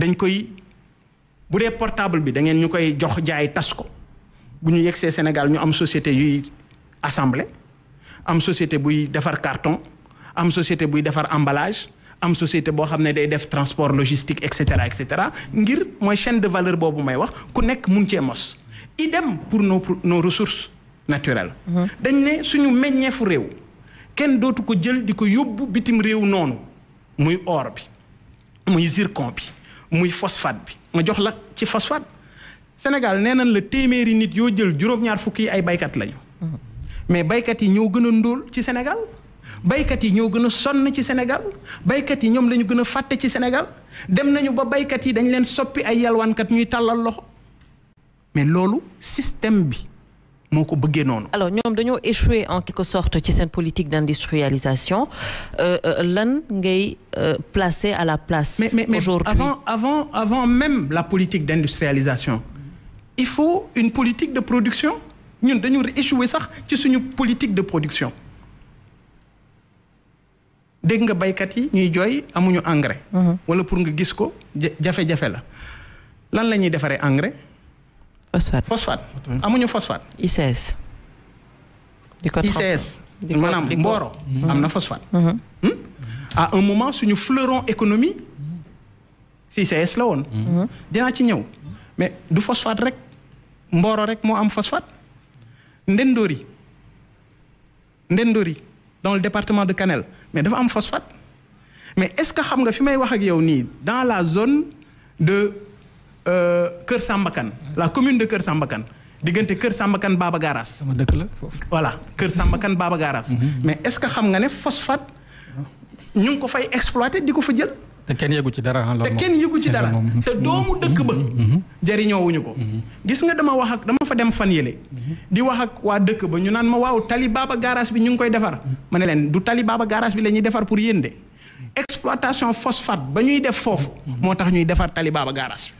dañ koy bu dee portable bi da ngeen ñu koy jox jaay tas ko bu ñu yegsee Sénégal ñu am société yuy assemblée am société buy defar carton am société buy defar emballage am société boo xam ne day def transport logistique et cetera et cetera ngir mooy chaîne de valeur boobu may wax ku nekk mun cee mos. idem pour nos nos ressources naturelles. Mhm. dañ ne suñu meññeefu réew kenn dootu ko jël di ko yóbbu bitim réew noonu muy or bi muy zircon bi. muy phosphate bi ma jox la ci phosphate Sénégal nee nañ la téeméeri nit yoo jël juróom-ñaar fukk yi ay baykat lañu. mais baykat yi ñoo gën a ndóol ci Sénégal baykat yi ñoo gën a sonn ci Sénégal baykat yi ñoom lañu ñu gën a fàtte ci Sénégal dem nañu ba baykat yi dañ leen soppi ay yalwaankat ñuy tàllal loxo mais loolu système bi. moko alors ñom dañoo échoué en quelque sorte ci sen politique d'industrialisation euh, euh, lan ngay euh, placer à la place. mais mais aujourd'hui avant avant avant même la politique d'industrialisation il faut une politique de production ñun dañu échoué sax ci suñu politique de production. Dès nga baykat yi ñuy joy amuñu engrais. Mm-hmm. wala pour nga gis ko jafé jafé la lan lañuy défaré engrais phosphate phosphate. amuñu phosphate. ICS. ICS maanaam mbooro. Mhm. phosphate. Mhm. Hmm? à un moment suñu fleuron économie si ICS la won mhm. dinaa ci ñew mais du phosphate rek mboro rek mo am phosphate. Ndendori Ndendori dans le département de Canel mais dafa am phosphate mais est-ce que xam nga fi wax ak yow dans la zone de. Eh, Kër Sambakan la commune de Kër Sambakan diggante Kër Sambakan Baba Garas. sama dëkk la voilà Kër Sambakan Baba Garas. Mhm, mhm. mais est ce que xam nga né phosphate ñu ko fay exploiter di fa jël. Té kenn yëgu ci dara te kenn yëgu ci dara Té doomu dëkk ba mhm, wuñu ko gis nga dama wax ak dama fa dem fan yele. di wax ak wa dëkk ba ñu naan ma waaw tali Baba Garas bi ñu ngi koy défar. Mané ne du tali Baba Garas bi lañuy défar pour exploitation phosphate bañuy def fofu motax ñuy défar tali Baba Garas. bi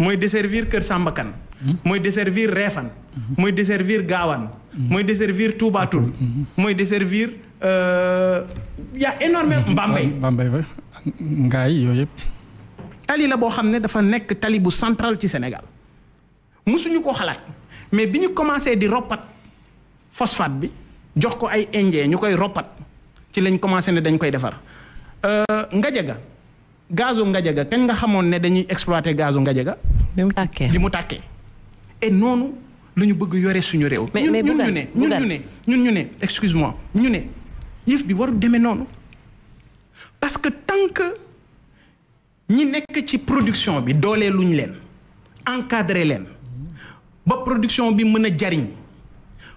moy desservir keur sambakan moy desservir refan moy desservir gawan moy desservir Touba Toul moy desservir euh ya énormément mm-hmm. Bambey Bambey ba ngay yoyep tali la bo xam dafa nek tali bu central ci Sénégal musuñu ko xalat mais biñu commencé di ropat phosphate bi jox ko ay indien ñukoy ropat ci lañ commencé ne dañ koy défar euh ngadjaga gazu Ngadiaga kañ nga xamoon ne dañuy exploiter gazu Ngadiaga bi mu tàkkee bi mu tàkkee et noonu lu ñu bëgg yore suñu réew. ñun ñun ñu ne ñun ñu ne ñun ñu ne excuse moi ñu ne yëf bi waru demee noonu parce que tant que ñi nekk ci production bi dooleeluñ leen encadrer leen ba production bi mën a jariñ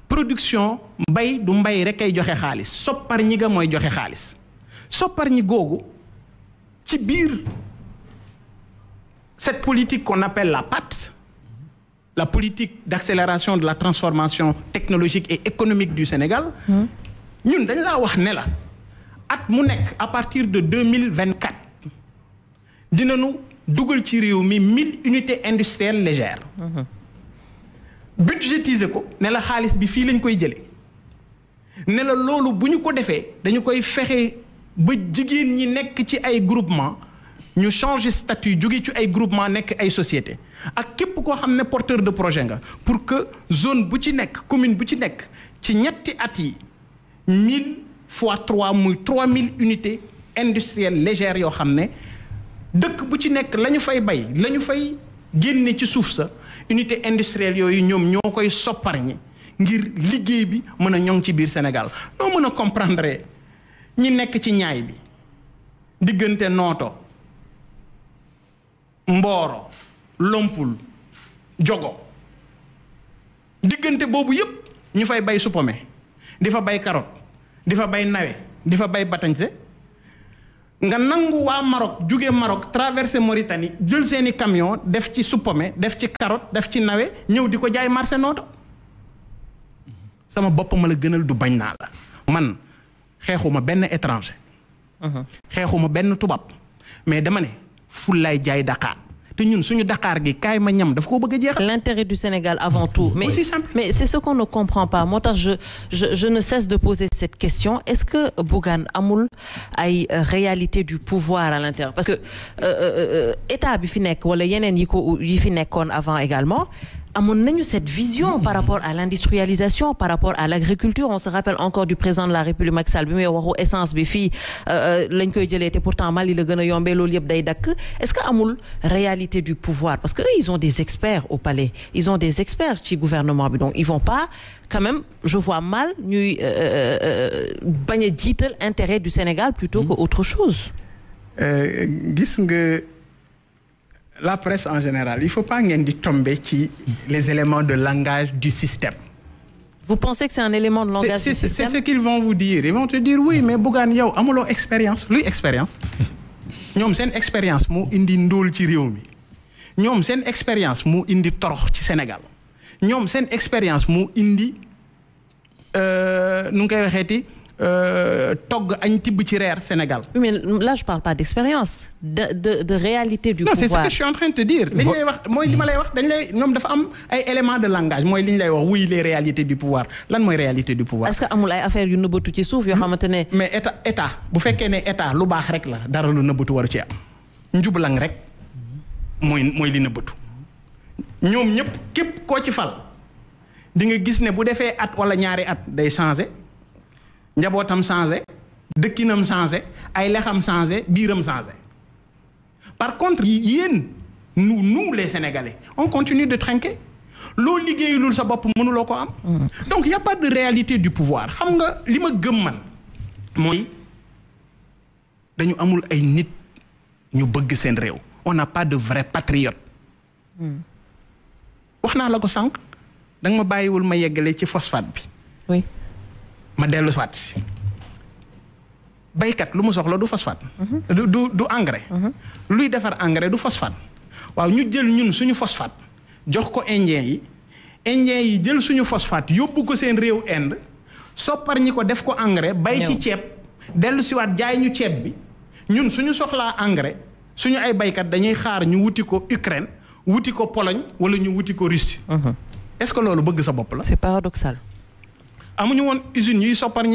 production mbay du mbay rek ay joxe xaalis soppar ñi nga mooy joxe xaalis soppar ñi googu. cette politique qu'on appelle la patte la politique d'accélération de la transformation technologique et économique du Sénégal nous dañ la wax at à partir de 2024 nous avons quatre unités industrielles légères budgétiser ko Né la xaalis bi lañ koy la si jigéen ñi nekk ci ay groupement ñu changer statut jóge ci ay groupement nekk ay société ak képp koo porteur de projet pour que zone bu ci commune bu ci nekk ci fois trois mille unités industrielles légères yoo xam ne dëkk bu ci nekk fay bay fay ci sa unité industrielle yooyu ñoom ñoo koy ngir liggéey bi mën a Sénégal noo mën comprendre ñi nekk ci ñaay bi diggante nooto mbooro lompul jogo diggante boobu yëpp ñu fay bay supame di fa bay karot di fa bay nawe di fa bay batañse nga nangu waa Maroc jóge Maroc traversé Mauritanie jël seeni camion def ci suppame def ci carotte def ci nawe ñëw di ko jaay marché nooto sama bopp ma la gënal du bañ naa la man xexuma ben étranger. Uh-huh. xexuma ben tubab mais dama ne lay jay Dakar te ñun suñu Dakar gi kay ma ñam daf ko bëgg a l'intérêt du Sénégal avant tout. mais aussi simple. mais c'est ce qu'on ne comprend pas moo je je je ne cesse de poser cette question est-ce que Bougane amul ay euh, réalité du pouvoir à l'intérieur parce que euh, euh, état bi fi nekk wala yenen yi ko yi fi avant également mon cette vision mm-hmm. par rapport à l'industrialisation par rapport à l'agriculture on se rappelle encore du président de la République Max Sall bi essence bi euh, euh, lañ pourtant Mali a yëpp est-ce que réalité du pouvoir parce que ils ont des experts au palais ils ont des experts le gouvernement donc ils vont pas quand même je vois mal ñuy euh, euh intérêt du Sénégal plutôt mm-hmm. que autre chose la presse en général il faut pas tomber les éléments de langage du système. vous pensez que c'est un élément de langage du système c'est ce qu'ils vont vous dire ils vont te dire oui mais Bougane yow amuloo expérience Lui expérience ñoom une expérience Mo indi ndol ci réew Ñom ñoom une expérience Mo indi torox ci Sénégal ñoom une expérience Mo indi euh euh, Tog añ tibb ci Sénégal. oui mais là je parle pas d'expérience de de de réalité du. non pouvoir. c'est ce que je suis en train de te dire. Moi, ñu lay wax mooy li lay wax dañ lay dafa am ay éléments de langage mooy li ñu lay wax oui les réalités du pouvoir lan moi, réalité du pouvoir. est-ce que amul ay affaires yu nëbbatu ci suuf yoo hmm. xamante mais état état bu fekkee ne état lu baax rek la dara lu nëbbatu waru ci am njublang rek mooy mooy li nëbbatu ñoom ñëpp képp koo ci fal di nga gis ne bu defee at wala ñaari at day changer changé changé ay lexam changé par contre nous nous les Sénégalais on continue de trinquer loo liggéeyulul sa bopp mënuloo am. Mm. donc y a pas de réalité du pouvoir xam nga li ma gëm man dañu amul ay nit on n'a pas de vrais patriote. Mm. wax la ko da nga ma phosphate ma delu waat si baykat lu mu soxlo du fosfat mhm. du du du engrais. Mhm. luy defar engrais du fosfat waaw ñu jël ñun suñu fosfat jox ko indien yi indien yi jël suñu fosfat yobbu ko seen réew end soppar ñi ko def ko engrais. bay ci ciep delu si wat jaay ñu ciep bi ñun suñu soxla engrais suñu ay baykat dañuy xaar ñu wuti ko Ukraine wuti ko Pologne wala ñu wuti ko Russie. Mhm. est ce que lolu bëgg sa bop la. c'est paradoxal. amuñu won usine ñuy soppar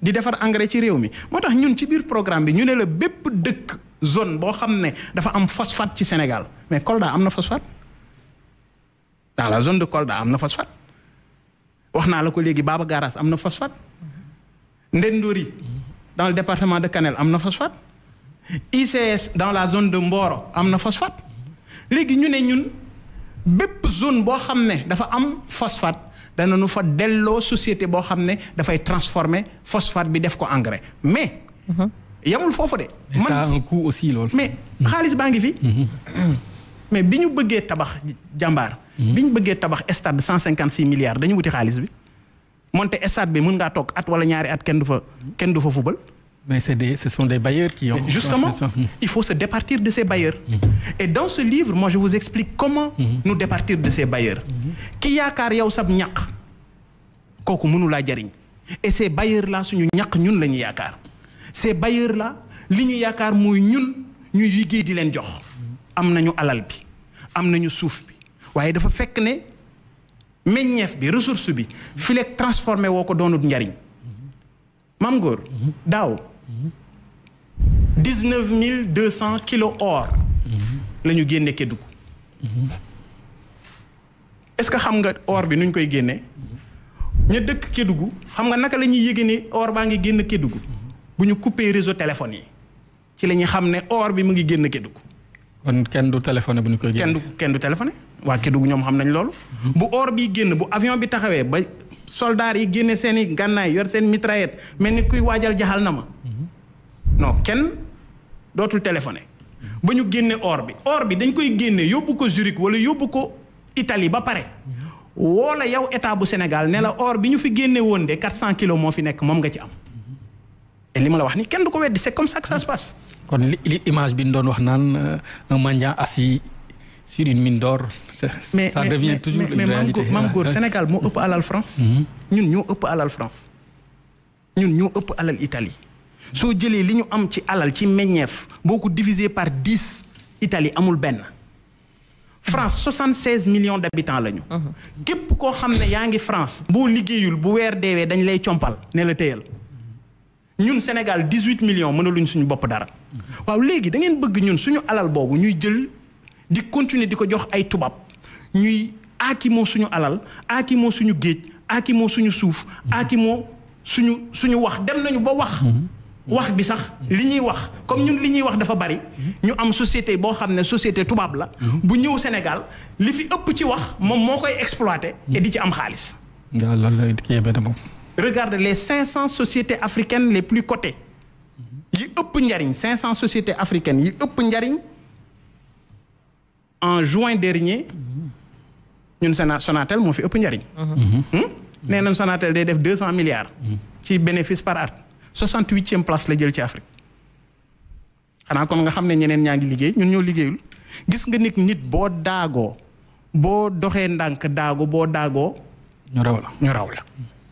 di defar engrais ci réew mi motax ñun ci biir programme bi ñu ne la bépp dëkk zone boo xam ne dafa am phosphate ci Sénégal mais Kolda am na phosphate dans la zone de Kolda am na phosphate wax naa la ko léegi Baba Garas am na phosphate Ndendori dans le département de Kanel am na phosphate ICS dans la zone de Mboro am na phosphate léegi ñu ne ñun bépp zone boo xam ne dafa am phosphate danañu fa delloo société boo xam ne dafay transformer phosphate bi def ko engrais mais. yamul foofu de. man ça a un coût aussi loolu. mais mm-hmm. xaalis baa fi. Mm-hmm. mais bi ñu bëggee tabax jàmbaar. Mm-hmm. bi ñu bëggee tabax stade cent cinquante milliards dañu wuti xaalis bi. monte stade bi mën ngaa toog at wala ñaari at kenn du fa kenn du fa fubal. mais c'est des ce sont des bailleurs qui ont. justement il faut se départir de ces bailleurs. et dans ce livre moi je vous explique comment. nous départir de ces bailleurs. ki yaakaar yow sab ñaq. kooku mënulaa jariñ et ces bailleurs suñu ñaq ñun la ñu yaakaar ces bailleurs là li ñu yaakaar mooy ñun ñuy liggéey di leen jox am nañu alal bi am nañu suuf bi waaye dafa fekk ne meññeef bi ressource bi fileeg transformé woo ko doonut njariñ maam góor daaw dix-neuf mille deux cent kilos or la ñu génne Kédougou est-ce que xam nga or bi nuñ koy génne ña dëkk Kédougou xam nga naka la ñuy yëgee ni or baa ngi génn Kédougou bu ñu coupé réseau téléphone yi ci la ñuy xam ne or bi mu ngi génn Kédougou. kon kenn du téléphoné bu ñu koy. génn kenn du kenn du téléphoné ñoom xam nañ loolu. Mhm. bu or bi génn bu avion bi taxawee ba soldaar yi génne seen i gànnaay yor seen mitraillette mel ni kuy waajal jaxal na ma. Mhm. non kenn dootul téléphoné. ba ñu génne or bi or bi dañ koy génne yóbbu ko Zurich wala yóbbu ko Italie ba pare. Mhm. woo la yow état bu Sénégal né la or bi ñu fi génné won dé 400 kg mo fi nek mom nga ci am. et li ma la wax ni kenn du ko weddi c'est comme ça que ça se passe. kon li image bi ñu doon wax naan euh, un mendiant assis sur une mine d'or. ça devient toujours une réalité mais maam góor Sénégal mo ëpp alal France. Mhm. ñun ñoo ëpp alal France. ñun ñoo ëpp alal Italie. so jëlé li ñu am ci alal ci meññeef boo ko diviser par 10 Italie amul benn. France 76 millions d' habitants la ñu. Mhm. képp koo xam ne yaa ngi France. boo liggéeyul bu weer deewee dañ lay compal ne la téyal ñun Sénégal million millions mënaluñ suñu bopp dara. Mhm. waaw léegi da ngeen bëgg ñun suñu alal boobu ñuy jël di continuer di ko jox ay tubaab ñuy aakimoo suñu alal aakimoo suñu géej aakimoo suñu suuf mhm. aakimo suñu suñu wax dem nañu ba wax. wax bi sax li ñuy wax comme ñun li ñuy wax dafa bari ñu am société bo xam société tubab la bu ñew Sénégal li fi ëpp ci wax mom mo koy exploité et di ci am xaalis regarde les 500 sociétés africaines les plus cotées yi ëpp njariñ 500 sociétés africaines yi ëpp njariñ en juin dernier ñun sena Sonatel mo fi ëpp njariñ mhm. hmm? nee nañ Sonatel day def deux milliards ci bénéfice par an. 68e place la jël ci Afrique xana kon nga xam ñeneen ñaa liggéey ñun ñoo liggéeyul gis nga nit nit bo daagoo bo doxé ndank daago bo daagoo. ñu raw la ñu raw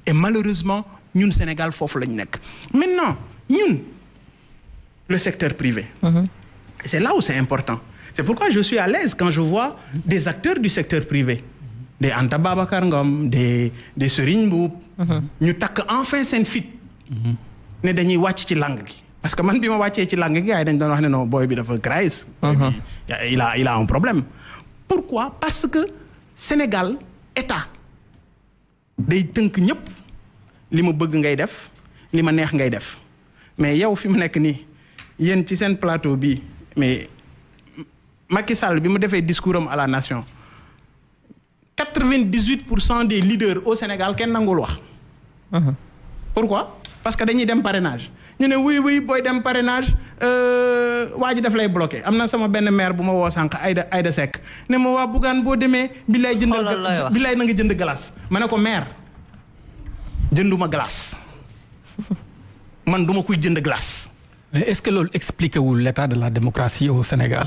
et malheureusement ñun Sénégal fofu lañ nek maintenant ñun le secteur privé. Mm-hmm. c'est là où c'est important c'est pourquoi je suis à l'aise quand je vois des acteurs du secteur privé. des Anta Babacar Ngom des des Serigne Mboup. Mm-hmm. ñu takk enfin seen fit. Mm-hmm. ne dañuy wàcc ci langue gi parce que man bi ma wàccee ci langue gi ay dañ doon wax ne non booy bi dafa crise mhm. il a il a problème pourquoi parce que Sénégal état day tënk ñëpp li ma bëgg ngay def li ma neex ngay def mais yow fi mu nekk nii yéen ci seen plateau bi mais Macky Sall bi ma defee discours am à la nation quatre-vingt-dix-huit pour cent des leaders au Sénégal kenn nangul wax mhm. parce que dañuy dem parrainage ñu ne wuy wuy booy dem parrainage euh, waa ji daf lay bloqué am na sama benn maire bu ma woo sànq Aïda Aïda Seck ne ma waa Bougane boo demee. bi lay jëndal bi lay na nga jënd glace. ma ne ko maire jënduma glace man duma kuy jënd glace. mais est-ce que loolu expliqué wul l'état de la démocratie au Sénégal.